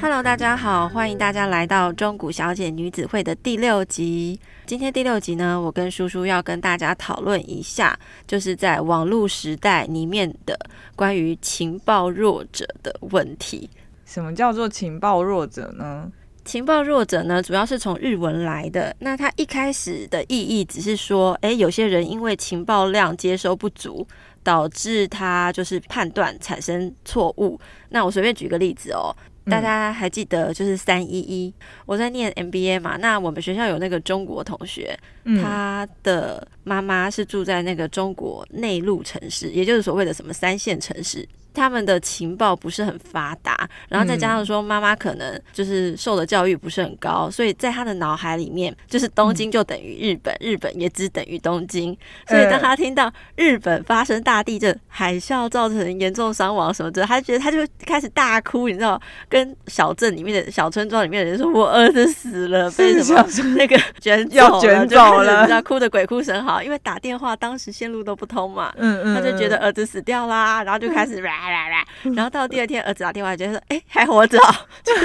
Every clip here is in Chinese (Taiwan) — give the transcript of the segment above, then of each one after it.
Hello，大家好，歡迎大家來到中古小姐女子會的第六集。今天第六集呢，我跟舒舒要跟大家討論一下，就是在網絡時代裡面的關於情報弱者的問題。什麼叫做情報弱者呢？情報弱者呢，主要是從日文來的。那他一開始的意義只是說，哎，有些人因為情報量接收不足，導致他就是判斷產生錯誤。那我隨便舉個例子哦，大家還記得就是三一一，我在念 MBA 嘛。那我們學校有那個中國同學，他、嗯、的媽媽是住在那個中國內陸城市，也就是所謂的什麼三線城市。他們的情報不是很發達，然後再加上說媽媽可能就是受的教育不是很高，嗯、所以在他的腦海裡面就是東京就等於日本，嗯、日本也只等於東京。所以當他聽到日本發生大地震、欸、海嘯造成嚴重傷亡什麼的，他覺得他就開始大哭，你知道，跟小鎮裡面的小村莊裡面的人說：“我兒子死了，是被什麼那個捲要捲走了。走了”他哭的鬼哭神嚎，因為打電話當時線路都不通嘛，嗯嗯，他、嗯、就覺得兒子死掉啦，然後就開始。嗯來來來，然後到第二天，兒子打電話，就說：“哎、欸，還活着、哦。就是”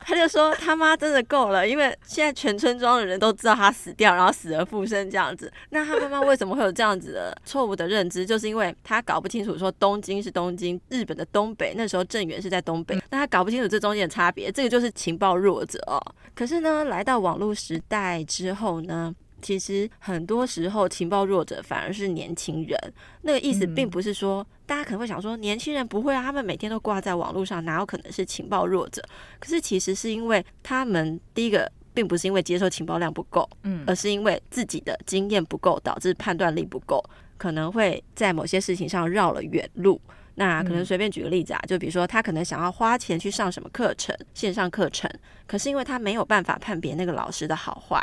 他就說：“他媽真的夠了，因為現在全村莊的人都知道他死掉，然後死而復生這樣子。那他媽媽為什麼會有這樣子的錯誤的認知？就是因為他搞不清楚，說東京是東京，日本的東北那時候震源是在東北，那他搞不清楚這中間的差別。這個就是情報弱者哦。可是呢，來到網絡時代之後呢？”其實很多時候，情報弱者，反而是年輕人。那個意思並不是說，大家可能會想說，年輕人不會啊，他們每天都掛在網絡上，哪有可能是情報弱者？可是其實是因為他們第一個，並不是因為接受情報量不夠，嗯，而是因為自己的經驗不夠，導致判斷力不夠，可能會在某些事情上繞了遠路。那可能隨便舉個例子啊，就比如說他可能想要花錢去上什麼課程，線上課程，可是因為他沒有辦法判別那個老師的好壞。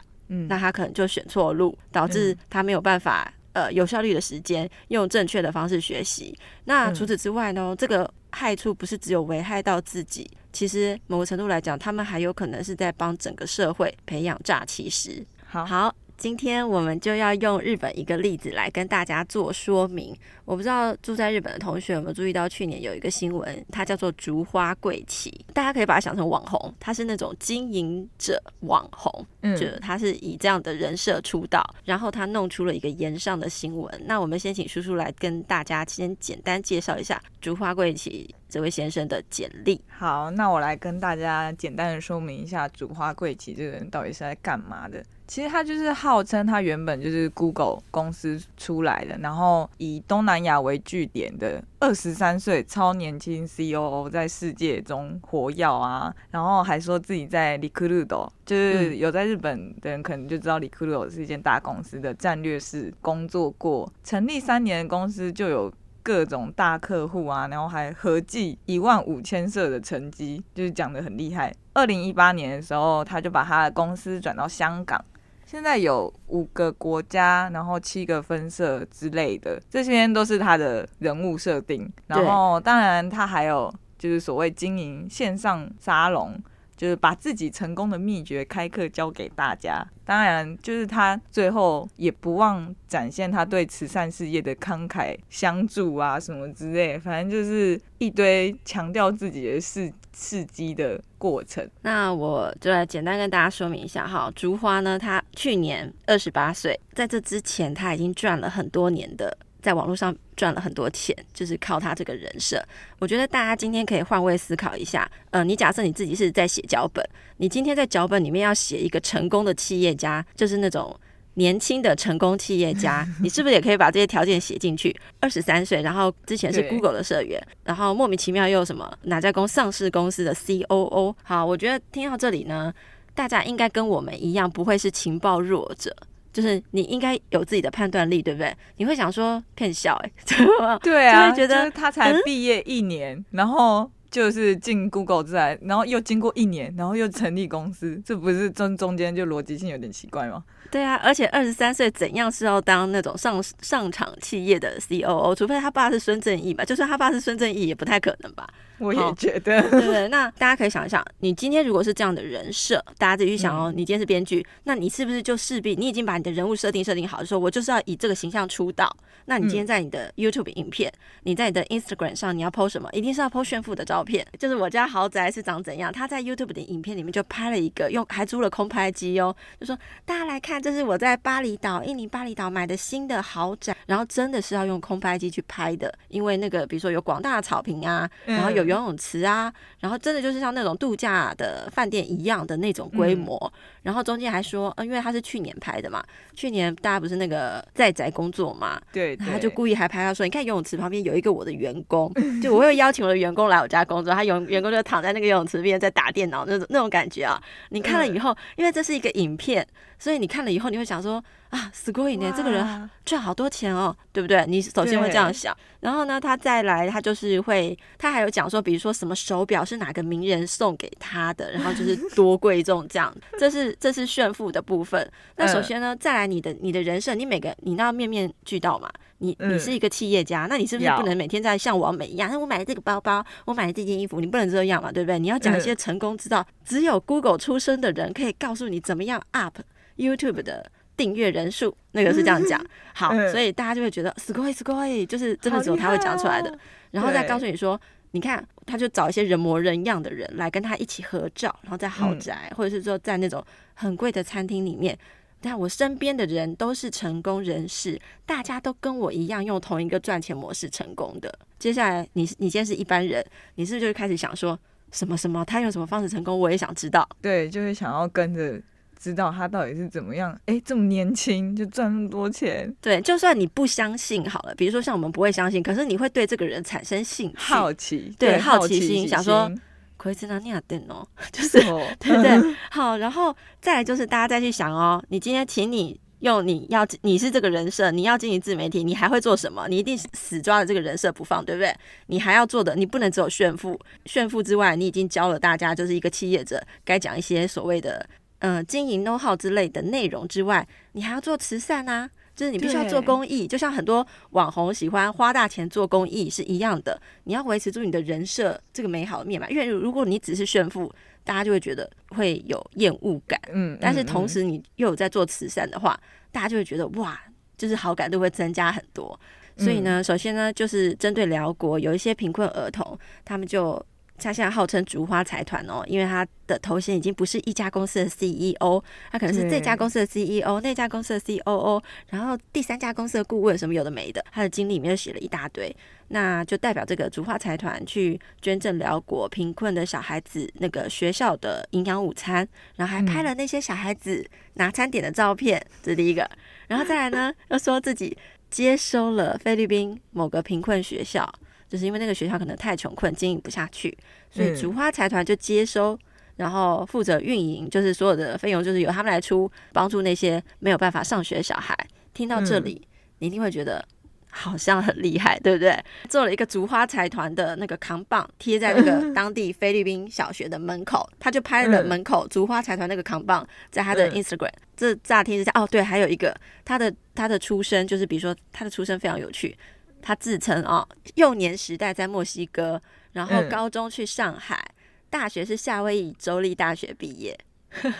那他可能就選錯路，導致他沒有辦法呃有效率的時間用正確的方式學習。那除此之外呢，這個害處不是只有危害到自己，其實某個程度來講，他們還有可能是在幫整個社會培養詐欺師。好、好，今天我們就要用日本一個例子來跟大家做說明。我不知道住在日本的同學有沒有注意到，去年有一個新聞，它叫做“竹花貴氣”，大家可以把它想成網紅，他是那種經營者網紅。嗯，就他是以這樣的人設出道，然後他弄出了一個炎上的新聞。那我們先請舒舒來跟大家先簡單介紹一下竹花貴騎這位先生的簡歷。好，那我來跟大家簡單的說明一下竹花貴騎這個人到底是在幹嘛的。其實他就是號稱他原本就是 Google 公司出來的，然後以東南亞為據點的。二十三歲，超年輕 COO 在世界中活躍啊，然後還說自己在リクルート，就是有在日本的人可能就知道リクルート是一間大公司的戰略室工作過，成立三年的公司就有各種大客戶啊，然後還合計一萬五千社的成績，就是講得很厲害。二零一八年的時候，他就把他的公司轉到香港。現在有五個國家，然後七個分社之類的，這些都是他的人物設定。然後，當然他還有就是所謂經營線上沙龍。就是把自己成功的秘訣開課教給大家，當然，就是他最後也不忘展現他對慈善事業的慷慨相助啊，什麼之類，反正就是一堆強調自己的事事蹟的過程。那我就來簡單跟大家說明一下哈，竹花呢，他去年二十八歲，在這之前他已經賺了很多年的。在網絡上賺了很多錢，就是靠他這個人設。我覺得大家今天可以換位思考一下，呃，你假設你自己是在寫腳本，你今天在腳本裡面要寫一個成功的企業家，就是那種年輕的成功企業家， 你是不是也可以把這些條件寫進去？二十三歲，然後之前是 Google 的社員，對然後莫名其妙又有什麼哪家公上市公司的 COO。好，我覺得聽到這裡呢，大家應該跟我們一樣，不會是情報弱者。就是你應該有自己的判斷力，對不對？你會想說騙笑、欸，哎，對嗎？對啊，就會覺得就是他才畢業一年，嗯、然後就是進 Google 之外，然後又經過一年，然後又成立公司， 這不是中中間就邏輯性有點奇怪嗎？對啊，而且二十三歲怎樣是要當那種上上場企業的 COO，除非他爸是孫正義嘛？就算他爸是孫正義，也不太可能吧？我也覺得，對，對對？那大家可以想一想，你今天如果是這樣的人設，大家自己去想哦，嗯、你今天是編劇，那你是不是就勢必你已經把你的人物設定設定好，說我就是要以這個形象出道？那你今天在你的 YouTube 影片，嗯、你在你的 Instagram 上，你要 PO 什麼？一定是要 PO 炫富的照片，就是我家豪宅是長怎樣？他在 YouTube 的影片裡面就拍了一個，用還租了空拍機哦，就說大家來看，這是我在巴厘島，印尼巴厘島買的新的豪宅，然後真的是要用空拍機去拍的，因為那個比如說有廣大的草坪啊，嗯、然後有。游泳池啊，然後真的就是像那種度假的飯店一樣的那種規模，嗯、然後中間還說，嗯、呃，因為他是去年拍的嘛，去年大家不是那個在宅工作嘛，對，對，他就故意還拍他說，你看游泳池旁邊有一個我的員工，就我會邀請我的員工來我家工作， 他有員工就躺在那個游泳池邊在打電腦，那種那種感覺啊，你看了以後，嗯、因為這是一個影片，所以你看了以後你會想說。啊，すごいね？哇這個人賺好多錢哦，對不對？你首先會這樣想。對然後呢，他再來，他就是會，他還有講說，比如說什麼手表是哪個名人送給他的， 然後就是多貴重這樣。這是這是炫富的部分。那首先呢，嗯、再來你的你的人設，你每個你那面面俱到嘛。你你是一個企業家，嗯、那你是不是不能每天在像網美一樣？那有我買了這個包包，我買了這件衣服，你不能這樣嘛，對不對？你要講一些成功之道。嗯、只有 Google 出身的人可以告訴你怎麼樣 up YouTube 的。訂閱人數那個是這樣講，嗯、好，嗯、所以大家就會覺得“すごい、すごい”，就是真的只有他會講出來的，啊、然後再告訴你說：“對你看，他就找一些人模人樣的人來跟他一起合照，然後在豪宅，嗯、或者是說在那種很貴的餐廳裡面。你看我身邊的人都是成功人士，大家都跟我一樣用同一個賺錢模式成功的。接下來，你你今天是一般人，你是不是就開始想說，什麼什麼他用什麼方式成功，我也想知道？對，就是想要跟着。”知道他到底是怎麼樣？哎、欸，這麼年輕就賺那麼多錢？對，就算你不相信好了。比如說，像我們不會相信，可是你會對這個人產生興趣、好奇，對，對好奇心，好奇心想說，可以知道你要等哦就是對不對？嗯、好，然後再來就是大家再去想哦，你今天請你用你要你是這個人設，你要經營自媒體，你還會做什麼？你一定是死抓着這個人設不放，對不對？你還要做的，你不能只有炫富，炫富之外，你已經教了大家，就是一個企業者該講一些所謂的。嗯，經營 know how 之類的內容之外，你還要做慈善吶、啊，就是你必須要做公益，對就像很多網紅喜歡花大錢做公益是一樣的。你要維持住你的人設，這個美好的面貌，因為如果你只是炫富，大家就會覺得會有厭惡感嗯。嗯，但是同時你又有在做慈善的話，嗯、大家就會覺得哇，就是好感度會增加很多。嗯、所以呢，首先呢，就是針對寮國，有一些貧困兒童，他們就。他現在號稱竹花財團哦，因為他的頭銜已經不是一家公司的 CEO，他可能是這家公司的 CEO，對那家公司的 COO，然後第三家公司的顧問什麼有的沒的，他的經歷裡面又寫了一大堆，那就代表這個竹花財團去捐贈寮國貧困的小孩子那個學校的營養午餐，然後還拍了那些小孩子拿餐點的照片，嗯、這是第一個，然後再來呢，又 說自己接收了菲律賓某個貧困學校。就是因為那個學校可能太窮困，經營不下去，所以竹花財團就接收，然後負責運營，就是所有的費用就是由他們來出，幫助那些沒有辦法上學的小孩。聽到這裡，你一定會覺得好像很厲害，對不對？嗯、做了一個竹花財團的那個扛棒，貼在那個當地菲律賓小學的門口， 他就拍了門口竹花財團那個扛棒，在他的 Instagram，嗯。這乍聽之下，哦，對，還有一個他的他的出身，就是比如說他的出身非常有趣。他自稱啊、哦，幼年時代在墨西哥，然後高中去上海，嗯、大學是夏威夷州立大學畢業。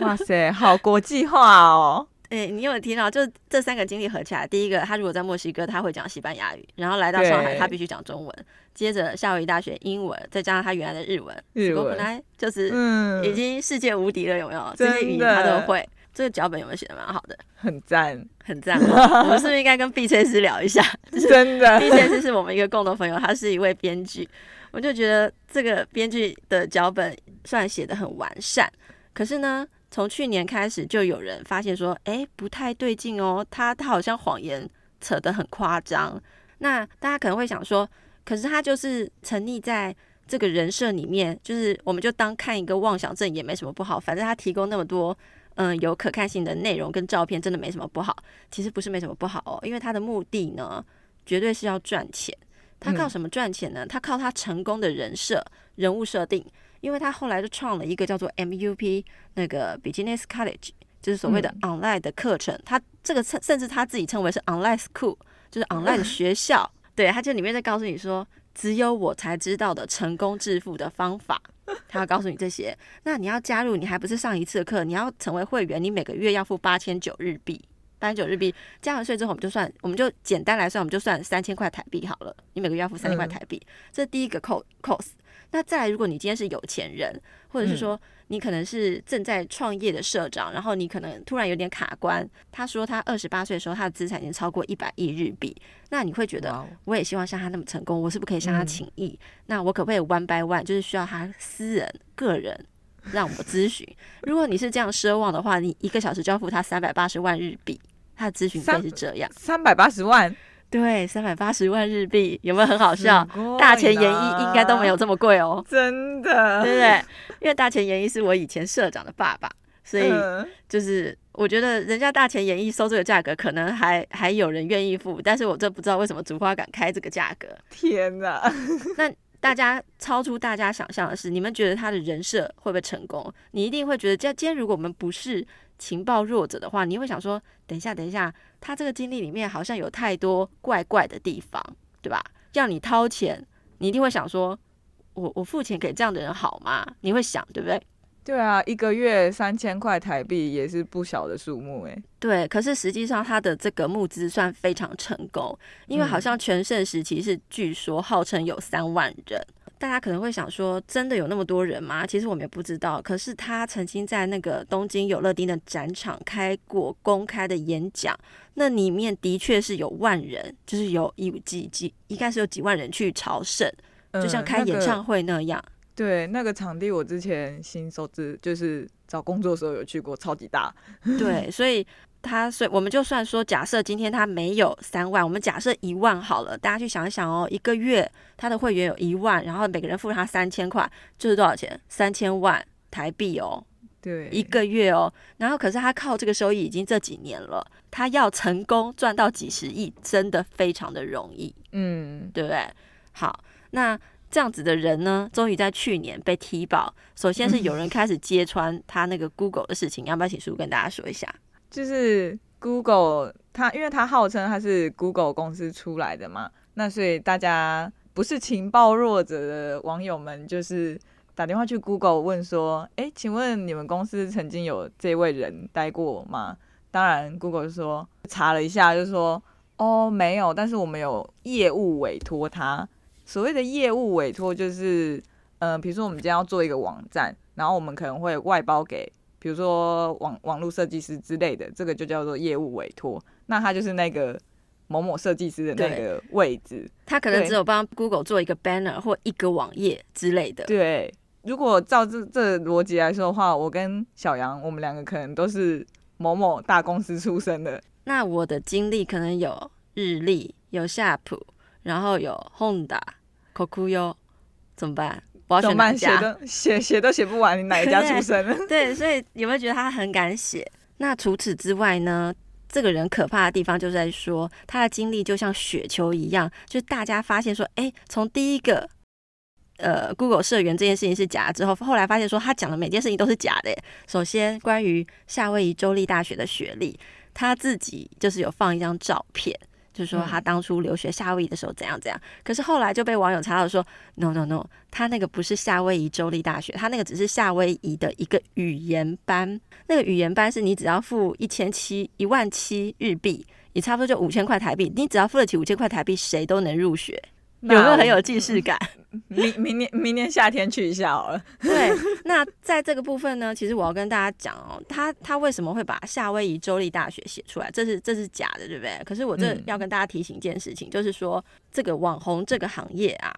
哇塞，好國際化哦！哎、欸，你有沒有聽到？就這三個經歷合起來，第一個他如果在墨西哥，他會講西班牙語；然後來到上海，對他必須講中文。接着夏威夷大學英文，再加上他原來的日文，日文文本來就是嗯，已經世界無敵了，有沒有？的這些語言他都會。這個腳本有沒有寫得蠻好的？很讚讚，很讚。 我們是不是應該跟 B C 師聊一下？ 真的，B C 師是我們一個共同朋友，他是一位編劇。我就覺得這個編劇的腳本雖然寫得很完善，可是呢，從去年開始就有人發現說，哎、欸，不太對勁哦。他他好像謊言扯得很誇張。那大家可能會想說，可是他就是沉溺在這個人設裡面，就是我們就當看一個妄想症也沒什麼不好，反正他提供那麼多。嗯，有可看性的內容跟照片真的沒什麼不好。其實不是沒什麼不好哦，因為他的目的呢，絕對是要賺錢。他靠什麼賺錢呢？他靠他成功的人設、嗯、人物設定。因為他後來就創了一個叫做 MUP 那個 Business College，就是所謂的 online 的課程。嗯、他這個甚甚至他自己稱為是 online school，就是 online 學校。嗯、對，他就裡面在告訴你說，只有我才知道的成功致富的方法。他要告訴你這些，那你要加入，你還不是上一次課，你要成為會員，你每個月要付八千九日幣。三十九日幣加完稅之後，我們就算，我們就簡單來算，我們就算三千塊台幣好了。你每個月要付三千塊台幣，嗯、這是第一個扣 cost。那再來，如果你今天是有錢人，或者是說你可能是正在創業的社長，嗯、然後你可能突然有點卡關。他說他二十八歲的時候，他的資產已經超過一百億日幣。那你會覺得，我也希望像他那麼成功，我是不可以向他請益、嗯、那我可不可以 one by one 就是需要他私人個人讓我諮詢？ 如果你是這樣奢望的話，你一個小時就要付他三百八十萬日幣。他諮詢費是這樣，三百八十萬，對，三百八十萬日幣，有沒有很好笑？大前研一應該都沒有這麼貴哦，喔，真的，對不對？因為大前研一是我以前社長的爸爸，所以就是我覺得人家大前研一收這個價格，可能還還有人願意付，但是我就不知道為什麼竹花敢開這個價格，天吶，啊，那大家超出大家想象的是，你們覺得他的人設會不會成功？你一定會覺得，今天如果我們不是。情報弱者的話，你會想說：等一下，等一下，他這個經歷裡面好像有太多怪怪的地方，對吧？要你掏錢，你一定會想說：我我付錢給這樣的人好嗎？你會想，對不對？對啊，一個月三千塊台幣也是不小的數目誒。對，可是實際上他的這個募資算非常成功，因為好像全盛時期是據說號稱有三萬人。大家可能會想說，真的有那麼多人嗎？其實我們也不知道。可是他曾經在那個東京有樂町的展場開過公開的演講，那裡面的確是有萬人，就是有有幾幾，應該是有幾萬人去朝聖，就像開演唱會那樣。嗯，那個，對，那個場地我之前新收資，就是找工作的時候有去過，超級大。對，所以。他所以我們就算說，假設今天他沒有三萬，我們假設一萬好了，大家去想一想哦，一個月他的會員有一萬，然後每個人付他三千塊，就是多少錢？三千萬台幣哦，對，一個月哦，然後可是他靠這個收益已經這幾年了，他要成功賺到幾十億，真的非常的容易，嗯，對不對？好，那這樣子的人呢，終於在去年被踢爆，首先是有人開始揭穿他那個 Google 的事情，嗯、要不要請舒舒跟大家說一下？就是 Google，他因為他號稱他是 Google 公司出來的嘛，那所以大家不是情報弱者的網友們，就是打電話去 Google 問說，誒、欸，請問你們公司曾經有這位人待過嗎？當然，Google 說查了一下，就說，哦，沒有，但是我們有業務委托他。所謂的業務委托，就是，嗯、呃，比如說我們今天要做一個網站，然後我們可能會外包給。比如說網網絡設計師之類的，這個就叫做業務委托。那他就是那個某某設計師的那個位置。他可能只有幫 Google 做一個 banner 或一個網頁之類的。對，如果照這這個邏輯來說的話，我跟小楊，我們兩個可能都是某某大公司出身的。那我的經歷可能有日立、有夏普，然後有 Honda、Kokuyo，o 怎麼辦？走慢點，寫都寫，寫都寫不完，你哪一家出身？ 對，所以有沒有覺得他很敢寫？那除此之外呢？這個人可怕的地方就是在說，他的經歷就像雪球一樣，就是大家發現說，哎、欸，從第一個呃，Google 社員這件事情是假的之後，後來發現說他講的每件事情都是假的。首先，關於夏威夷州立大學的學歷，他自己就是有放一張照片。就說他當初留學夏威夷的時候怎樣怎樣，嗯，可是後來就被網友查到說，no no no，他那個不是夏威夷州立大學，他那個只是夏威夷的一個語言班，那個語言班是你只要付一千七一萬七日幣，也差不多就五千塊台幣，你只要付得起五千塊台幣，誰都能入學。有沒有很有既視感？明明年明年夏天去一下好了。 對，那在這個部分呢，其實我要跟大家講哦，他他為什麼會把夏威夷州立大學寫出來？這是這是假的，對不對？可是我這要跟大家提醒一件事情，嗯、就是說這個網紅這個行業啊，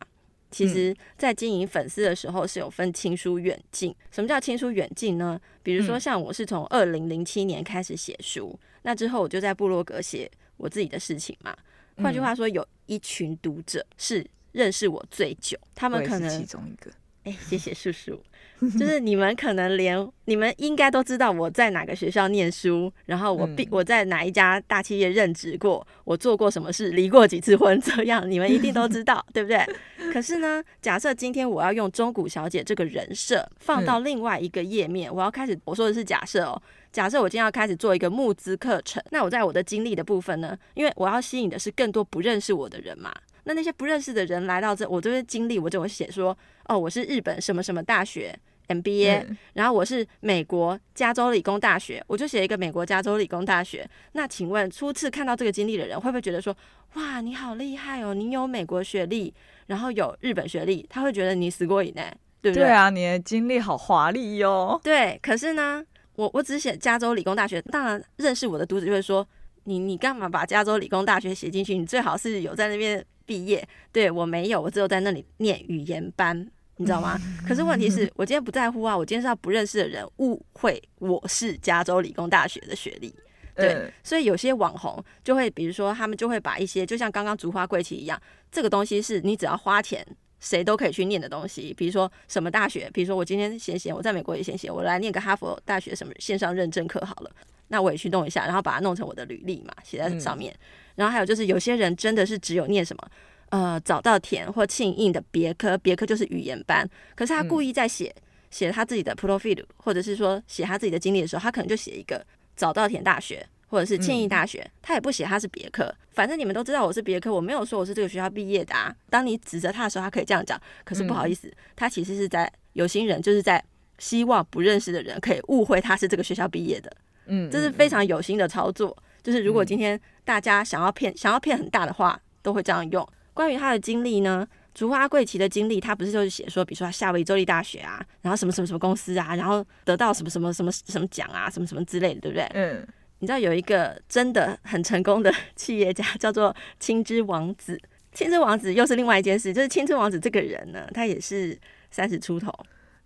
其實在經營粉絲的時候是有分親疏遠近。嗯、什麼叫親疏遠近呢？比如說像我是從二零零七年開始寫書，嗯、那之後我就在部落格寫我自己的事情嘛。換句話說，有一群讀者是認識我最久，嗯、他們可能是其中一個。哎、欸，謝謝叔叔。 就是你們可能連你們應該都知道我在哪個學校念書，然後我畢、嗯、我在哪一家大企業任職過，我做過什麼事，離過幾次婚，這樣你們一定都知道， 對不對？可是呢，假設今天我要用中古小姐這個人設放到另外一個頁面，是我要開始，我說的是假設哦。假設我今天要開始做一個募資課程，那我在我的經歷的部分呢，因為我要吸引的是更多不認識我的人嘛。那那些不認識的人來到這，我這個經歷我就會寫說：哦，我是日本什麼什麼大學 MBA，然後我是美國加州理工大學，我就寫一個美國加州理工大學。那請問初次看到這個經歷的人，會不會覺得說：哇，你好厲害哦，你有美國學歷，然後有日本學歷，他會覺得你死過以哎，對不對？對啊，你的經歷好華麗喲。對，可是呢？我我只寫加州理工大學，當然認識我的讀者就會說你，你你幹嘛把加州理工大學寫進去？你最好是有在那邊畢業。對，我沒有，我只有在那裡念語言班，你知道嗎？ 可是問題是我今天不在乎啊，我今天是要不認識的人誤會我是加州理工大學的學歷。對，欸、所以有些網紅就會，比如說他們就會把一些，就像剛剛竹花貴氣一樣，這個東西是你只要花錢。誰都可以去念的東西，比如說什麼大學，比如說我今天閒閒，我在美國也閒閒，我來念個哈佛大學什麼線上認證課好了，那我也去弄一下，然後把它弄成我的履歷嘛，寫在上面。嗯、然後還有就是，有些人真的是只有念什麼呃早稻田或慶應的別科，別科就是語言班，可是他故意在寫寫他自己的 profile，或者是說寫他自己的經歷的時候，他可能就寫一個早稻田大學。或者是慶應大學，嗯、他也不寫他是別科，反正你們都知道我是別科，我沒有說我是這個學校畢業的啊。當你指責他的時候，他可以這樣講，可是不好意思，嗯、他其實是在有心人，就是在希望不認識的人可以誤會他是這個學校畢業的。嗯，這是非常有心的操作。就是如果今天大家想要騙，嗯、想要騙很大的話，都會這樣用。關於他的經歷呢，竹花貴騎的經歷，他不是就是寫說，比如說他夏威夷州立大學啊，然後什麼什麼什麼公司啊，然後得到什麼什麼什麼什麼獎啊，什麼什麼之類的，對不對？嗯。你知道有一個真的很成功的企業家，叫做青汁王子。青汁王子又是另外一件事，就是青汁王子這個人呢，他也是三十出頭，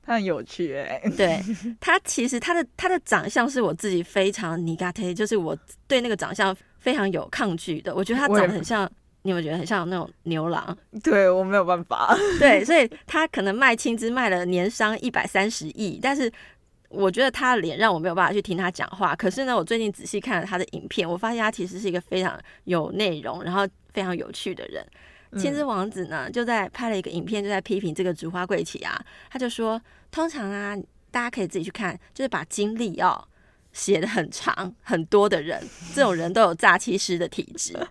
他很有趣哎、欸。對，他其實他的他的長相是我自己非常 negative，就是我對那個長相非常有抗拒的。我覺得他長得很像，我你有沒有覺得很像那種牛郎？對，我沒有辦法。對，所以他可能賣青汁賣了年商一百三十億，但是。我覺得他的臉讓我沒有辦法去聽他講話。可是呢，我最近仔細看了他的影片，我發現他其實是一個非常有內容、然後非常有趣的人。青汁王子呢，就在拍了一個影片，就在批評這個竹花貴啟啊。他就說，通常啊，大家可以自己去看，就是把經歷哦寫得很長很多的人，這種人都有詐欺師的體質。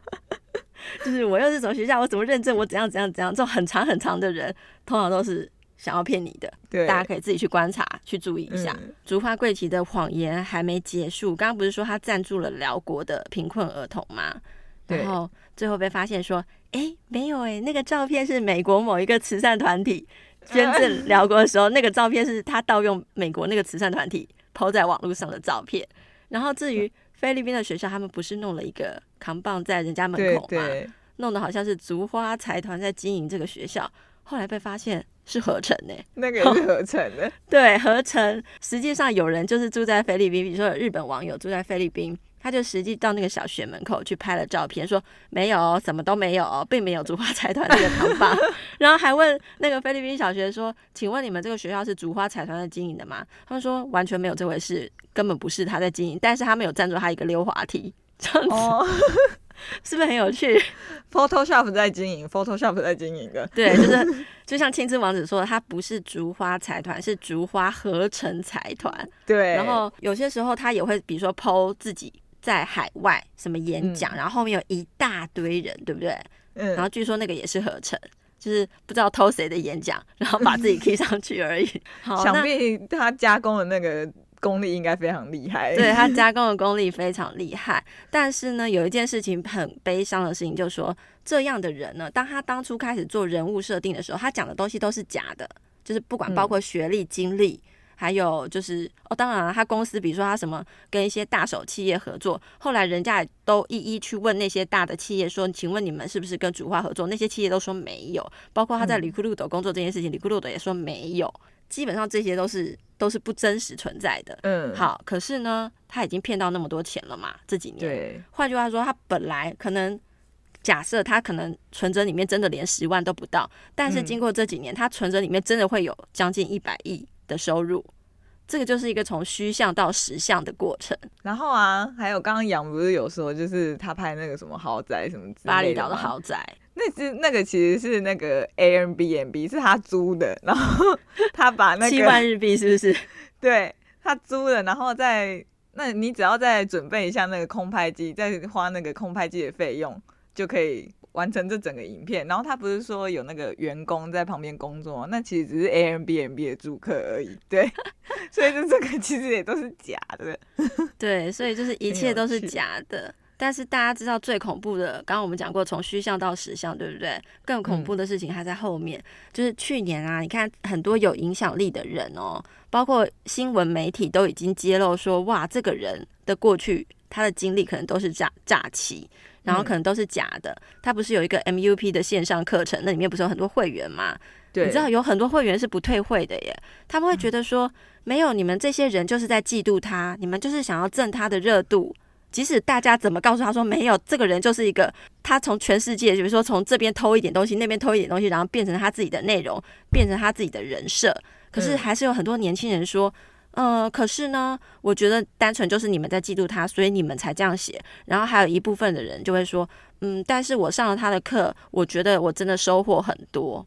就是我又是什麼學校，我怎麼認證，我怎樣怎樣怎樣，這種很長很長的人，通常都是。想要騙你的，對大家可以自己去觀察、去注意一下。嗯、竹花貴旗的謊言還沒結束，剛剛不是說他贊助了寮國的貧困兒童嗎？對然後最後被發現說，哎、欸，沒有哎、欸，那個照片，是美國某一個慈善團體捐贈寮國的時候，啊、那個照片是他盜用美國那個慈善團體 PO 在網絡上的照片。然後至於菲律賓的學校，他們不是弄了一個扛棒、bon、在人家門口嗎？對對對，弄得好像是竹花財團在經營這個學校。後來被發現是合成的，欸，那個也是合成的。Oh, 對，合成。實際上有人就是住在菲律賓，比如說有日本網友住在菲律賓，他就實際到那個小學門口去拍了照片，說沒有，什麼都沒有，並沒有竹花彩團這個糖棒。 然後還問那個菲律賓小學說，請問你們這個學校是竹花彩團在經營的嗎？他們說完全沒有這回事，根本不是他在經營。但是他們有贊助他一個溜滑梯，這樣子。 是不是很有趣？Photoshop 在經營，Photoshop 在經營的。對，就是就像青之王子說的，他不是竹花財團，是竹花合成財團。對。然後有些時候他也會，比如說 PO 自己在海外什麼演講，嗯、然後後面有一大堆人，對不對？嗯。然後據說那個也是合成，就是不知道偷誰的演講，然後把自己踢上去而已。好，想必他加工的那個。功力應該非常厲害。對，對他加工的功力非常厲害。 但是呢，有一件事情很悲傷的事情，就是說，這樣的人呢，當他當初開始做人物設定的時候，他講的東西都是假的，就是不管包括學歷、經歷、嗯，還有就是哦，當然了，啊，他公司比如說他什麼跟一些大手企業合作，後來人家都一一去問那些大的企業說，請問你們是不是跟主化合作？那些企業都說沒有，包括他在里庫魯朵工作這件事情，里庫魯朵也說沒有。基本上這些都是都是不真實存在的。嗯，好，可是呢，他已經騙到那麼多錢了嘛，這幾年，對，換句話說，他本來可能假設他可能存折裡面真的連十萬都不到，但是經過這幾年，嗯，他存折裡面真的會有將近一百億的收入。這個就是一個從虛像到實像的過程。然後啊，還有剛剛楊不是有說，就是他拍那個什麼豪宅什麼之類的，巴厘島的豪宅。那只那個其實是那個 Airbnb 是他租的。然後他把那個七萬日幣是不是？對，他租的，然後再那你只要再準備一下那個空拍機，再花那個空拍機的費用，就可以完成這整個影片。然後他不是說有那個員工在旁邊工作嗎？那其實只是 Airbnb 的住客而已。對， 所以就這個其實也都是假的。 對，所以就是一切都是假的。但是大家知道最恐怖的，剛剛我們講過從虛像到實像，對不對？更恐怖的事情還在後面。嗯、就是去年啊，你看很多有影響力的人哦、喔，包括新聞媒體都已經揭露說，哇，這個人的過去他的經歷可能都是詐詐欺，然後可能都是假的。嗯、他不是有一個 MUP 的線上課程，那裡面不是有很多會員嗎？對，你知道有很多會員是不退會的耶。他們會覺得說，嗯、沒有你們這些人就是在嫉妒他，你們就是想要蹭他的熱度。即使大家怎麼告訴他說沒有，這個人就是一個他從全世界，比如說從這邊偷一點東西，那邊偷一點東西，然後變成他自己的內容，變成他自己的人設。可是還是有很多年輕人說，呃、嗯嗯，可是呢，我覺得單純就是你們在嫉妒他，所以你們才這樣寫。然後還有一部分的人就會說，嗯，但是我上了他的課，我覺得我真的收穫很多。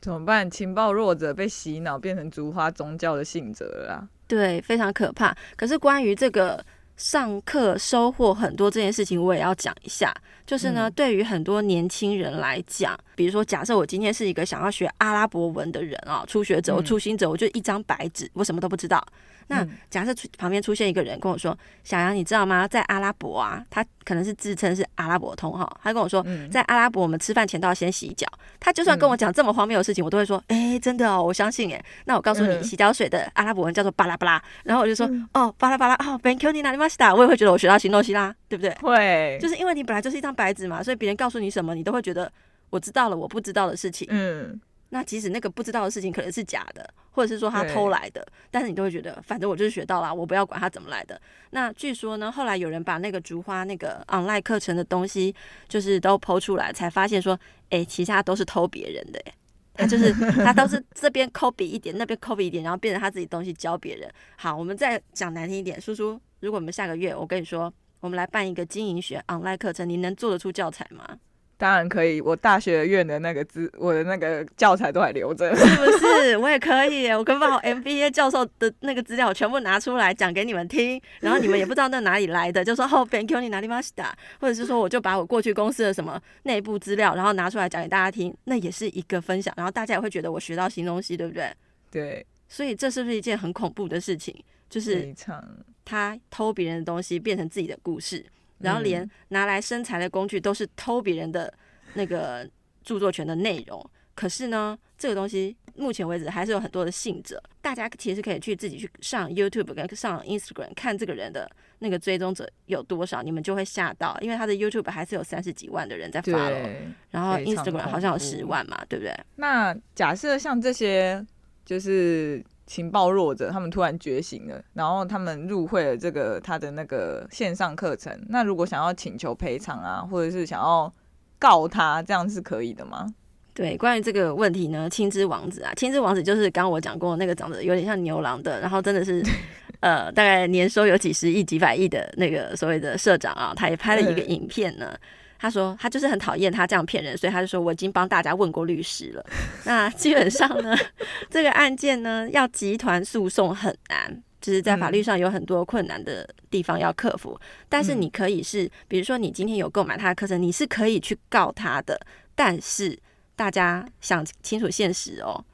怎麼辦？情報弱者被洗腦，變成竹花宗教的性質了啦。對，非常可怕。可是關於這個。上課收穫很多這件事情，我也要講一下。就是呢，嗯、對於很多年輕人來講，比如說，假設我今天是一個想要學阿拉伯文的人啊、哦，初學者、初心者，我就一張白紙，嗯、我什麼都不知道。那假設旁邊出現一個人跟我說：“小楊，你知道嗎？在阿拉伯啊，他可能是自稱是阿拉伯通哈。”他跟我說：“在阿拉伯，我們吃飯前都要先洗腳。”他就算跟我講這麼荒謬的事情，我都會說：“哎，真的哦，喔，我相信哎。”那我告訴你，洗腳水的阿拉伯文叫做巴拉巴拉。然後我就說：“哦，巴拉巴拉哦，thank you，你哪裡 master？” 我也會覺得我學到新東西啦，對不對？會，就是因為你本來就是一張白紙嘛，所以別人告訴你什麼，你都會覺得我知道了我不知道的事情。嗯。那即使那個不知道的事情可能是假的，或者是說他偷來的，對但是你都會覺得，反正我就是學到了，我不要管他怎麼來的。那據說呢，後來有人把那個竹花那個 online 課程的東西，就是都拋出來，才發現說，哎、欸，其他都是偷別人的，哎，他就是他都是這邊 copy 一點， 那邊 copy 一點，然後變成他自己東西教別人。好，我們再講難聽一點，叔叔，如果我們下個月我跟你說，我們來辦一個經營學 online 課程，你能做得出教材嗎？當然可以，我大學院的那個資，我的那個教材都還留着。 是不是，我也可以，我可以把我 MBA 教授的那個資料全部拿出來講給你們聽，然後你們也不知道那哪裡來的， 就說哦勉強になりました或者是說我就把我過去公司的什麼內部資料，然後拿出來講給大家聽，那也是一個分享，然後大家也會覺得我學到新東西，對不對？對。所以這是不是一件很恐怖的事情？就是他偷別人的東西變成自己的故事。然後連拿來生財的工具都是偷別人的那個著作權的內容，可是呢，這個東西目前為止還是有很多的信者。大家其實可以去自己去上 YouTube 跟上 Instagram 看這個人的那個追蹤者有多少，你們就會嚇到，因為他的 YouTube 還是有三十幾萬的人在發了對，然後 Instagram 好像有十萬嘛，對不對？那假設像這些就是。情報弱者，他們突然覺醒了，然後他們入會了這個他的那個線上課程。那如果想要請求賠償啊，或者是想要告他，這樣是可以的嗎？對，關於這個問題呢，青之王子啊，青之王子就是剛剛我講過那個長得有點像牛郎的，然後真的是 呃，大概年收有幾十億、幾百億的那個所謂的社長啊，他也拍了一個影片。呢。嗯他說：“他就是很討厭他這樣騙人，所以他就說，我已經幫大家問過律師了。那基本上呢， 這個案件呢，要集團訴訟很難，就是在法律上有很多困難的地方要克服。嗯、但是你可以是，比如說你今天有購買他的課程，你是可以去告他的。但是大家想清楚現實哦。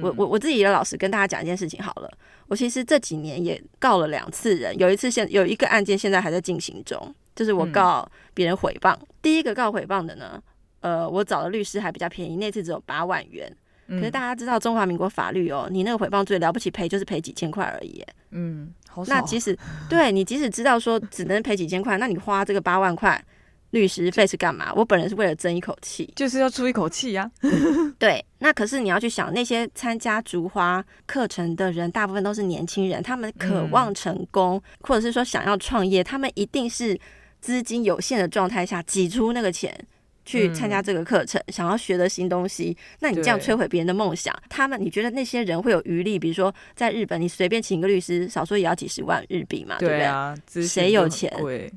我我我自己也老實跟大家講一件事情好了，我其實這幾年也告了兩次人，有一次現有一個案件現在還在進行中。”就是我告別人誹謗，嗯、第一個告誹謗的呢，呃，我找的律師還比較便宜，那次只有八萬元。可是大家知道中華民國法律哦，喔，嗯、你那個誹謗最了不起，賠就是賠幾千塊而已。嗯，好，那即使對你即使知道說只能賠幾千塊，那你花這個八萬塊 律師費是幹嘛？我本人是為了爭一口氣，就是要出一口氣呀，啊 嗯。對，那可是你要去想，那些參加竹花課程的人，大部分都是年輕人，他們渴望成功，嗯，或者是說想要創業，他們一定是。資金有限的狀態下，擠出那個錢去參加這個課程，嗯、想要學的新東西，那你這樣摧毀別人的夢想，對他們你覺得那些人會有餘力？比如說在日本，你隨便請一個律師，少說也要幾十萬日幣嘛，對不對、啊？誰有錢？對，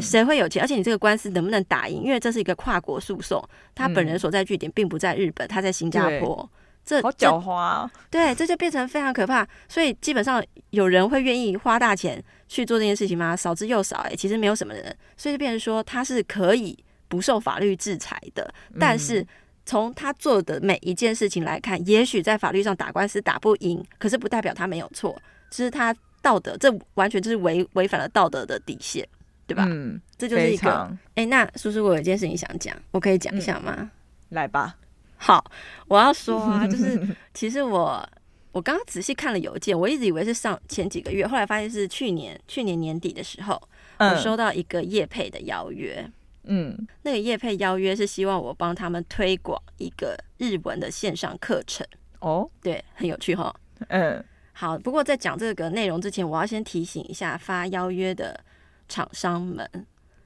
誰、嗯、會有錢？而且你這個官司能不能打贏？因為這是一個跨國訴訟，他本人所在據點並不在日本，他在新加坡，對這好狡猾、啊。對，這就變成非常可怕。所以基本上有人會願意花大錢。去做這件事情嗎？少之又少、欸，哎，其實沒有什麼人，所以就變成說他是可以不受法律制裁的。但是從他做的每一件事情來看，嗯、也許在法律上打官司打不贏，可是不代表他沒有錯。就是他道德，這完全就是違違反了道德的底線，對吧？嗯，這就是一個。哎非常、欸，那叔叔，我有一件事情想講，我可以講一下嗎？嗯、來吧，好，我要說啊， 就是其實我。我剛剛仔細看了郵件，我一直以為是上前幾個月，後來發現是去年去年年底的時候，嗯，我收到一個業配的邀約。嗯，那個業配邀約是希望我幫他們推廣一個日文的線上課程。哦，對，很有趣哈。嗯，好，不過在講這個內容之前，我要先提醒一下發邀約的廠商們，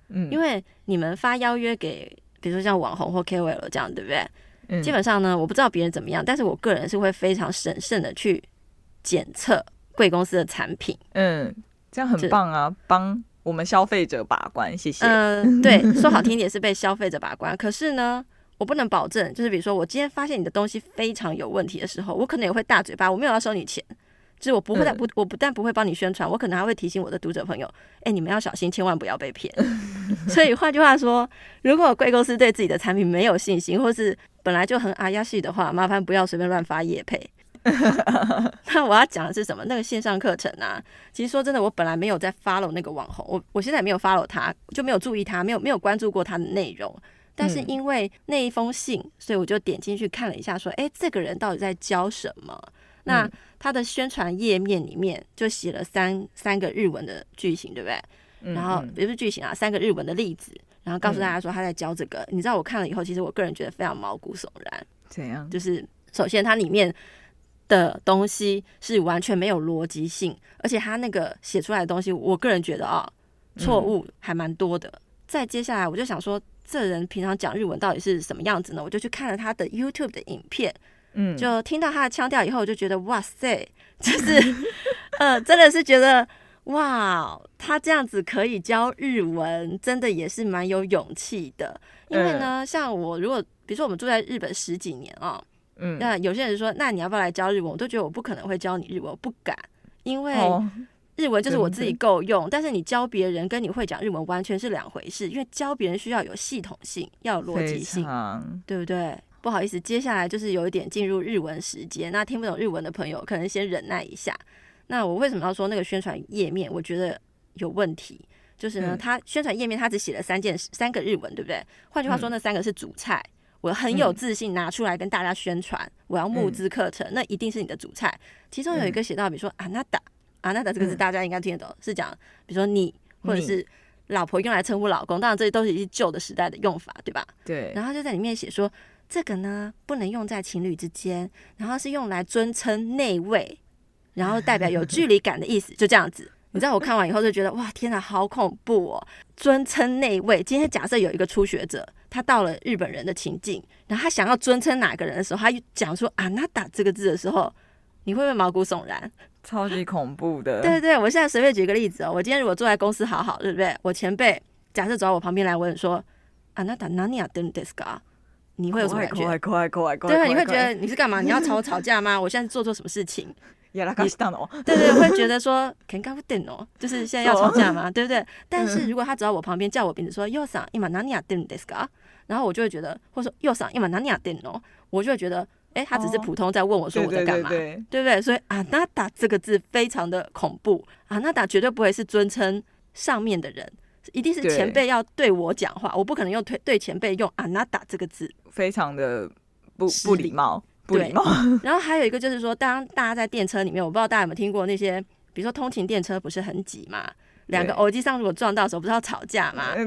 嗯，因為你們發邀約給，比如說像網紅或 KOL 這樣，對不對？基本上呢，我不知道別人怎麼樣，但是我個人是會非常審慎的去檢測貴公司的產品。嗯，這樣很棒啊，幫就我們消費者把關，謝謝。嗯，對， 說好聽點是被消費者把關，可是呢，我不能保證，就是比如說我今天發現你的東西非常有問題的時候，我可能也會大嘴巴，我沒有要收你錢。就是我不會再不，嗯、我不但不會幫你宣傳，我可能還會提醒我的讀者朋友，誒、欸，你們要小心，千萬不要被騙。 所以換句話說，如果貴公司對自己的產品沒有信心，或是本來就很啊呀系的話，麻煩不要隨便亂發業配， 啊。那我要講的是什麼？那個線上課程啊，其實說真的，我本來沒有在 follow 那個網紅，我我現在沒有 follow 他，就沒有注意他，沒有沒有關注過他的內容。但是因為那一封信，所以我就點進去看了一下，說，誒、欸，這個人到底在教什麼？那他的宣傳頁面裡面就寫了三三個日文的句型，對不對？嗯嗯、然後也不是句型啊，三個日文的例子，然後告訴大家說他在教這個。嗯、你知道我看了以後，其實我個人覺得非常毛骨悚然。怎樣？就是首先它裡面的東西是完全沒有邏輯性，而且他那個寫出來的東西，我個人覺得啊、喔，錯誤還蠻多的。嗯、再接下來我就想說，這人平常講日文到底是什麼樣子呢？我就去看了他的 YouTube 的影片。嗯，就聽到他的腔調以後，我就覺得哇塞，就是， 呃，真的是覺得哇，他這樣子可以教日文，真的也是蠻有勇氣的。因為呢，欸、像我如果比如說我們住在日本十幾年啊、喔，嗯，那有些人說那你要不要來教日文？我都覺得我不可能會教你日文，我不敢，因為日文就是我自己夠用。哦、但是你教別人跟你會講日文完全是兩回事，因為教別人需要有系統性，要有邏輯性，非常。對不對？不好意思，接下來就是有一點進入日文時間。那聽不懂日文的朋友可能先忍耐一下。那我為什麼要說那個宣傳頁面，我覺得有問題？就是呢，他、嗯、宣傳頁面他只寫了三件三個日文，對不對？換句話說，嗯、那三個是主菜。我很有自信拿出來跟大家宣傳，嗯、我要募資課程，嗯、那一定是你的主菜。其中有一個寫到，比如說阿納達，阿納達這個字大家應該聽得懂，嗯、是講比如說你或者是老婆用來稱呼老公。嗯、當然，這些都是一些舊的時代的用法，對吧？對。然後就在裡面寫說。這個呢，不能用在情侶之間，然後是用來尊稱那位，然後代表有距離感的意思， 就這樣子。你知道我看完以後就覺得哇天哪，好恐怖哦！尊稱那位，今天假設有一個初學者，他到了日本人的情境，然後他想要尊稱哪個人的時候，他又講說啊那達這個字的時候，你會不會毛骨悚然？超級恐怖的。 對對對，我現在隨便舉一個例子哦，我今天如果坐在公司好好，對不對？我前輩假設走到我旁邊來問，問說啊那達哪裡啊？等你會有什麼感覺？對，對，你會覺得你是幹嘛？你要吵我吵架嗎？ 我現在做錯什麼事情？ 你對，對對，會覺得說可能搞不定哦，就是現在要吵架嗎？ 對不對？但是如果他走到我旁邊叫我名字說 an,，然後我就會覺得，或者說 an,、no，我就會覺得，誒，他只是普通在問我說我在幹嘛，oh, 對，對，對，對，對不對？所以，阿娜達這個字非常的恐怖，阿娜達絕對不會是尊稱上面的人。一定是前輩要對我講話，對我不可能用推對前輩用 anata 這個字，非常的不不禮貌，不禮貌。然後還有一個就是說，當大家在電車裡面，我不知道大家有沒有聽過那些，比如說通勤電車不是很擠嘛，兩個歐吉桑如果撞到的時候，不是要吵架嘛？對，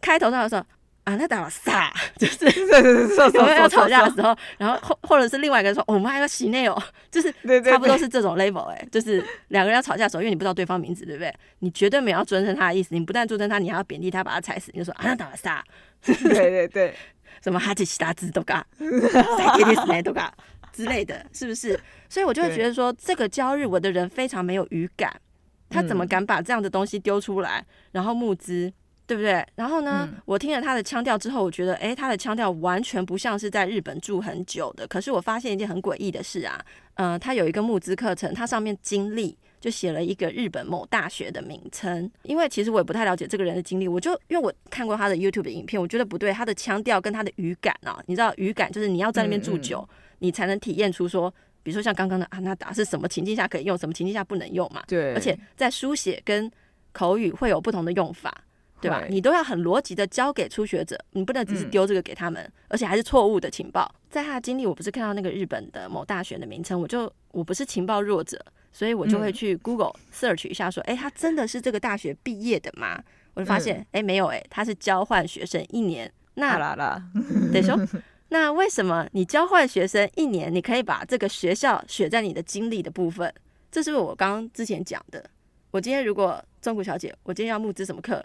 開頭的時候。 啊，那打了撒，就是我們要吵架的時候，然後或或者是另外一個人說，我們還要洗內哦，就是對對對，差不多是這種 level 哎、欸，就是兩個人要吵架的時候，因為你不知道對方名字，對不對？你絕對沒有要尊稱他的意思，你不但尊稱他，你還要貶低他，他把他踩死，你就說啊，那打了撒，對對對， 什麼哈吉西達茲都嘎，再給你死內都嘎之類的，是不是？所以我就會覺得說，對這個教日文的人非常沒有語感，他怎麼敢把這樣的東西丟出來，嗯、然後募資？對不對？然後呢，嗯、我聽了他的腔調之後，我覺得，哎，他的腔調完全不像是在日本住很久的。可是我發現一件很詭異的事啊，嗯、呃，他有一個募資課程，他上面經歷就寫了一個日本某大學的名稱。因為其實我也不太了解這個人的經歷，我就因為我看過他的 YouTube 的影片，我覺得不對，他的腔調跟他的語感啊，你知道語感就是你要在那邊住久，嗯嗯，你才能體驗出說，比如說像剛剛的“阿、啊、那達”是什麼情境下可以用，什麼情境下不能用嘛？對。而且在書寫跟口語會有不同的用法。對吧？會你都要很邏輯的交給初學者，你不能只是丟這個給他們，嗯、而且還是錯誤的情報。在他的經歷，我不是看到那個日本的某大學的名稱，我就我不是情報弱者，所以我就會去 Google search 一下，說，哎、嗯欸，他真的是這個大學畢業的嗎？我就發現，哎、嗯欸，沒有、欸，哎，他是交換學生一年。那、啊、啦啦得 說，那為什麼你交換學生一年，你可以把這個學校寫在你的經歷的部分？這是我剛之前講的。我今天如果中古小姐，我今天要募資什麼課？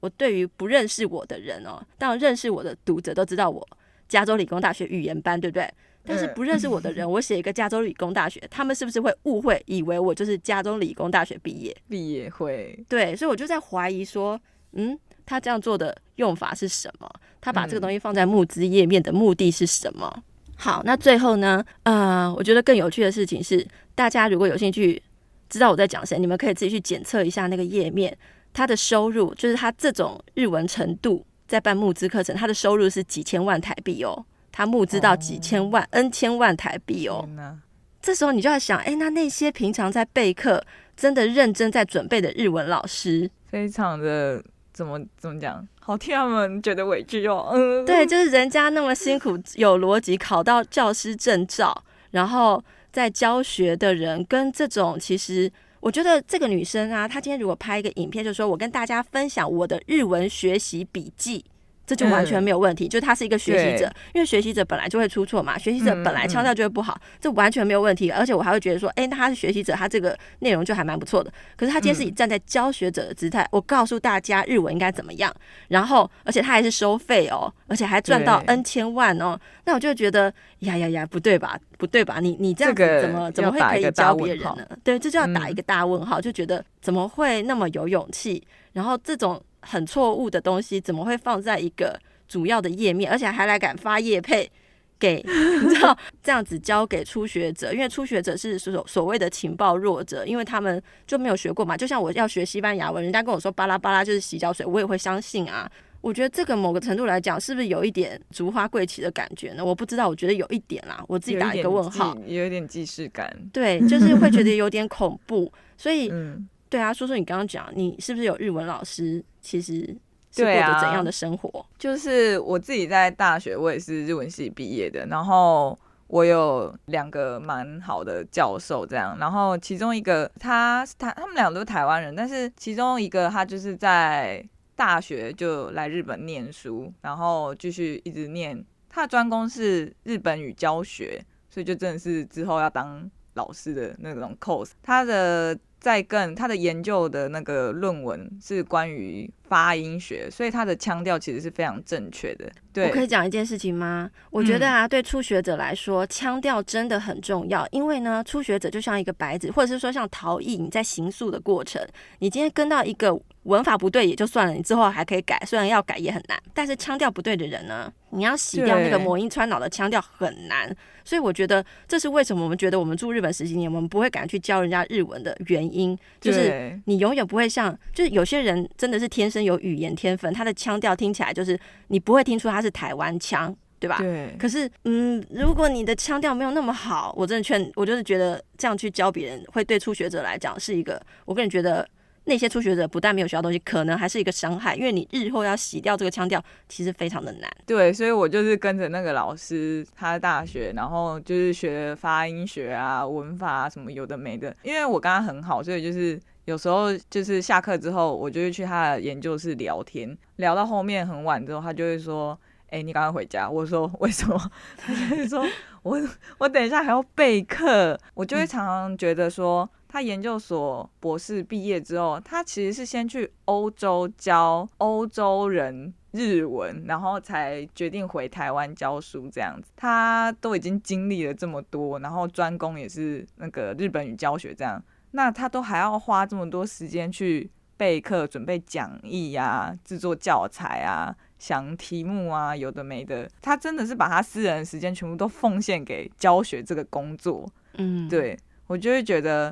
我對於不認識我的人哦，當然認識我的讀者都知道我加州理工大學語言班，對不對？但是不認識我的人，嗯、我寫一個加州理工大學，他們是不是會誤會，以為我就是加州理工大學畢業？畢業會。對，所以我就在懷疑說，嗯，他這樣做的用法是什麼？他把這個東西放在募資頁面的目的是什麼？嗯、好，那最後呢，呃，我覺得更有趣的事情是，大家如果有興趣知道我在講誰，你們可以自己去檢測一下那個頁面。他的收入就是他這種日文程度在辦募資課程，他的收入是幾千萬台幣哦，他募資到幾千萬，哦，n 千萬台幣哦。天啊，這時候你就要想，哎，那那些平常在備課，真的認真在準備的日文老師，非常的怎麼怎麼講？好聽，他們覺得委屈哦。 對，就是人家那麼辛苦，有邏輯考到教師證照，然後在教學的人，跟這種其實。我覺得這個女生啊，她今天如果拍一個影片，就是說“我跟大家分享我的日文學習筆記”。這就完全沒有問題，就他是一個學習者，因為學習者本來就會出錯嘛，學習者本來腔調就會不好，這完全沒有問題，而且我還會覺得說，誒他是學習者，他這個內容就還蠻不錯的，可是他今天是以站在教學者的姿態，我告訴大家日文應該怎麼樣，然後，而且他還是收費哦，而且還賺到 N 千萬哦，那我就覺得，呀呀呀，不對吧？不對吧？你你這樣子怎麼怎麼會可以教別人呢？對，這就要打一個大問號，就覺得怎麼會那麼有勇氣？然後這種。很錯誤的東西怎麼會放在一個主要的頁面？而且還來敢發業配給， 你知道這樣子交給初學者，因為初學者是所所謂的情報弱者，因為他們就沒有學過嘛。就像我要學西班牙文，人家跟我說巴拉巴拉就是洗腳水，我也會相信啊。我覺得這個某個程度來講，是不是有一點竹花貴騎的感覺呢？我不知道，我覺得有一點啦、啊。我自己打一個問號，有一點既視感，對，就是會覺得有點恐怖， 所以。嗯對啊，說說你剛剛講，你是不是有日文老師？其實是過着怎樣的生活啊？就是我自己在大學，我也是日文系畢業的。然後我有兩個蠻好的教授，這樣。然後其中一個他，他他，他們兩個都是台灣人，但是其中一個他就是在大學就來日本念書，然後繼續一直念。他的專攻是日本語教學，所以就真的是之後要當老師的那種 course。他的再更，他的研究的那個論文是關於發音學，所以他的腔調其實是非常正確的。對，我可以講一件事情嗎？我覺得啊，嗯、對初學者來說，腔調真的很重要，因為呢，初學者就像一個白紙，或者是說像陶藝，你在形塑的過程，你今天跟到一個文法不對也就算了，你之後還可以改，雖然要改也很難。但是腔調不對的人呢，你要洗掉那個魔音穿腦的腔調很難。對所以我覺得這是為什麼我們覺得我們住日本十幾年，我們不會敢去教人家日文的原因。音就是你永遠不會像，對就是有些人真的是天生有語言天分，他的腔調聽起來就是你不會聽出他是台灣腔，對吧？對。可是，嗯，如果你的腔調沒有那麼好，我真的勸，我就是覺得這樣去教別人，會對初學者來講是一個，我個人覺得。那些初學者不但沒有學到東西，可能還是一個傷害，因為你日後要洗掉這個腔調，其實非常的難。對，所以我就是跟着那個老師，他的大學，然後就是學發音學啊、文法啊什麼有的沒的。因為我跟他很好，所以就是有時候就是下課之後，我就會去他的研究室聊天，聊到後面很晚之後，他就會說：“哎、欸，你趕快回家。”我說：“為什麼？”他就會說：“ 我我等一下還要備課。”我就會常常覺得說。嗯他研究所博士畢業之後，他其實是先去歐洲教歐洲人日文，然後才決定回台灣教書這樣子。他都已經經歷了這麼多，然後專攻也是那個日本語教學這樣，那他都還要花這麼多時間去備課、準備講義呀、啊、製作教材啊、想題目啊，有的沒的。他真的是把他私人的時間全部都奉獻給教學這個工作。嗯，對，我就會覺得。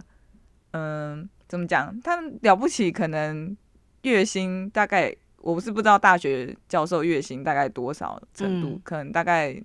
嗯、呃，怎麼講？他們了不起，可能月薪大概，我不是不知道大學教授月薪大概多少程度，嗯、可能大概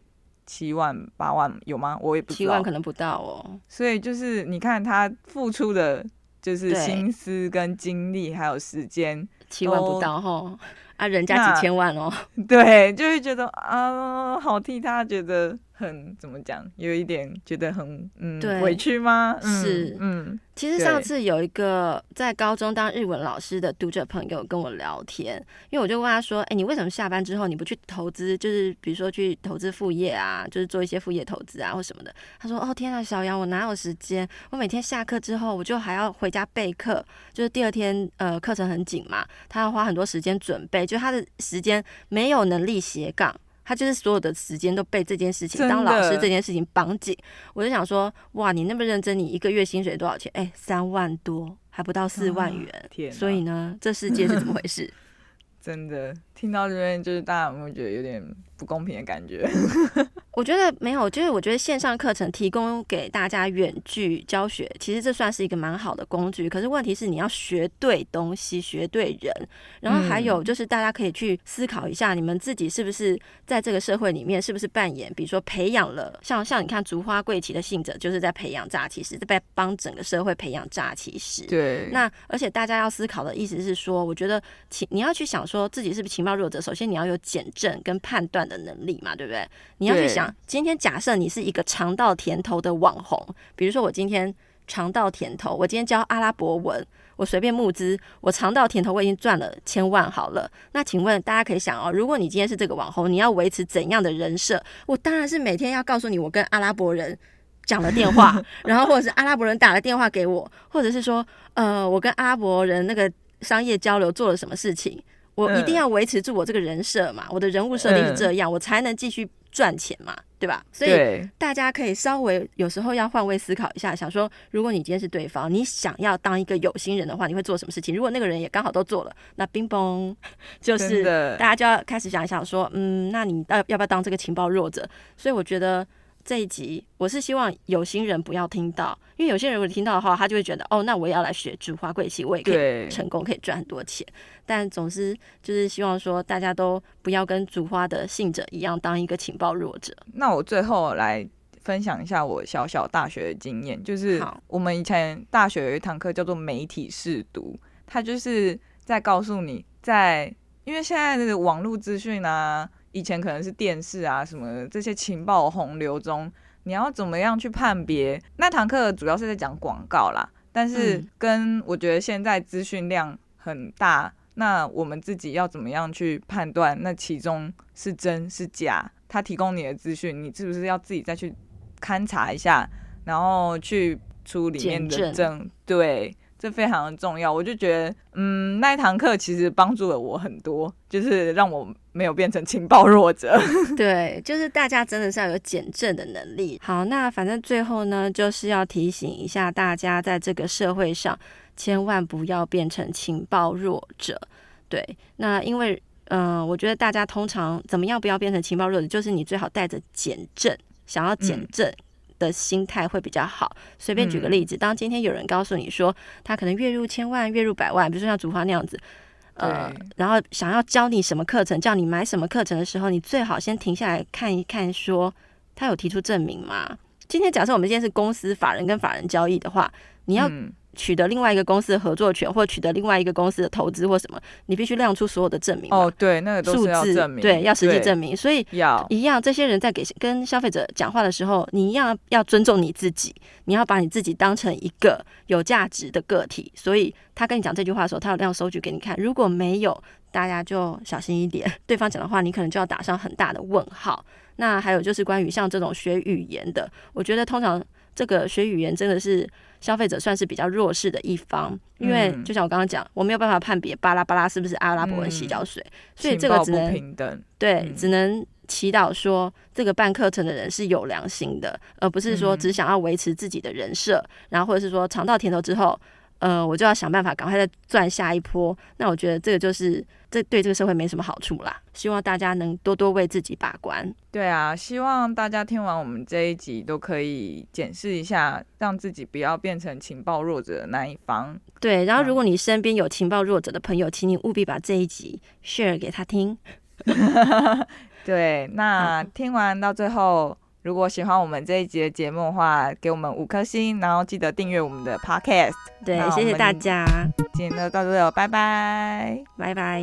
七萬八萬有嗎？我也不知道。七萬可能不到哦。所以就是你看他付出的，就是心思跟精力還有時間，七萬不到哈、哦、啊，人家幾千萬哦。對，就會覺得啊、呃，好替他覺得。很怎麼講，有一點覺得很嗯對委屈嗎？是嗯，是嗯，其實上次有一個在高中當日文老師的讀者朋友跟我聊天，對因為我就問他說：“哎、欸，你為什麼下班之後你不去投資？就是比如說去投資副業啊，就是做一些副業投資啊，或什麼的？”他說：“哦，天哪、啊，小楊，我哪有時間？我每天下課之後，我就還要回家備課，就是第二天呃課程很緊嘛，他要花很多時間準備，就他的時間沒有能力斜槓。”他就是所有的時間都被這件事情、的當老師這件事情綁緊，我就想說，哇，你那麼認真，你一個月薪水多少錢？哎、欸，三萬多，還不到四萬元。啊啊、天啊、所以呢，這世界是怎麼回事？ 真的，聽到這邊就是大家有沒有覺得有點不公平的感覺？ 我覺得沒有，就是我覺得線上課程提供給大家遠距教學，其實這算是一個蠻好的工具。可是問題是，你要學對東西，學對人，然後還有就是大家可以去思考一下，你們自己是不是在這個社會裡面，是不是扮演，比如說培養了，像像你看竹花貴騎的信者，就是在培養詐欺師，在幫整個社會培養詐欺師。對。那而且大家要思考的意思是說，我覺得情你要去想說自己是不是情報弱者，首先你要有檢證跟判斷的能力嘛，對不對？你要去想。今天假設你是一個嘗到甜頭的網紅，比如說我今天嘗到甜頭，我今天教阿拉伯文，我隨便募資，我嘗到甜頭，我已經賺了千萬好了。那請問大家可以想哦，如果你今天是這個網紅，你要維持怎樣的人設？我當然是每天要告訴你我跟阿拉伯人講了電話， 然後或者是阿拉伯人打了電話給我，或者是說呃我跟阿拉伯人那個商業交流做了什麼事情，我一定要維持住我這個人設嘛，嗯，我的人物設定是這樣，我才能繼續。賺錢嘛，對吧？所以大家可以稍微有時候要換位思考一下，對想說，如果你今天是對方，你想要當一個有心人的話，你會做什麼事情？如果那個人也剛好都做了，那冰崩就是大家就要開始想一想，說，的嗯，那你要要不要當這個情報弱者？所以我覺得。這一集我是希望有心人不要聽到，因為有些人如果聽到的話，他就會覺得哦，那我也要來學竹花貴騎，我也可以成功，可以賺很多錢。對但總之就是希望說，大家都不要跟竹花的信者一樣，當一個情報弱者。那我最後來分享一下我小小大學的經驗，就是我們以前大學有一堂課叫做媒體識讀，他就是在告訴你在，在因為現在的網絡資訊啊。以前可能是電視啊什麼的，這些情報洪流中，你要怎麼樣去判別？那堂課主要是在講廣告啦，但是跟我覺得現在資訊量很大，嗯、那我們自己要怎麼樣去判斷那其中是真是假？他提供你的資訊，你是不是要自己再去勘察一下，然後去出裡面的證？見證。對？這非常重要，我就覺得，嗯，那一堂課其實幫助了我很多，就是讓我沒有變成情報弱者。對，就是大家真的是要有檢證的能力。好，那反正最後呢，就是要提醒一下大家，在這個社會上，千萬不要變成情報弱者。對，那因為，嗯、呃，我覺得大家通常怎麼樣不要變成情報弱者，就是你最好帶着檢證，想要檢證。嗯的心態會比較好。隨便舉個例子，當今天有人告訴你說他可能月入千萬、月入百萬，比如說像竹花那樣子，呃，對然後想要教你什麼課程、叫你買什麼課程的時候，你最好先停下來看一看，說他有提出證明嗎？今天假設我們今天是公司法人跟法人交易的話，你要、嗯。取得另外一個公司的合作權，或取得另外一個公司的投資，或什麼，你必須亮出所有的證明。哦，對，那個都是要證明，對，要實際證明。對所以，要一樣，這些人在給跟消費者講話的時候，你一樣要尊重你自己，你要把你自己當成一個有價值的個體。所以，他跟你講這句話的時候，他有亮收據給你看。如果沒有，大家就小心一點。對方講的話，你可能就要打上很大的問號。那還有就是關於像這種學語言的，我覺得通常這個學語言真的是。消費者算是比較弱勢的一方，因為就像我剛剛講，我沒有辦法判別巴拉巴拉是不是阿拉伯人洗腳水，嗯、所以這個只能平等，對，嗯、只能祈禱說這個辦課程的人是有良心的，而不是說只想要維持自己的人設，嗯、然後或者是說嘗到甜頭之後。呃，我就要想辦法趕快再賺下一波。那我覺得這個就是這對這個社會沒什麼好處啦。希望大家能多多為自己把關。對啊，希望大家聽完我們這一集都可以檢視一下，讓自己不要變成情報弱者的那一方。對，然後如果你身邊有情報弱者的朋友，嗯、請你務必把這一集 share 給他聽。 對，那聽完到最後。嗯如果喜歡我們這一集的節目的話，給我們五顆星，然後記得訂閱我們的 Podcast。對，謝謝大家，今天就到這裡，拜拜，拜拜。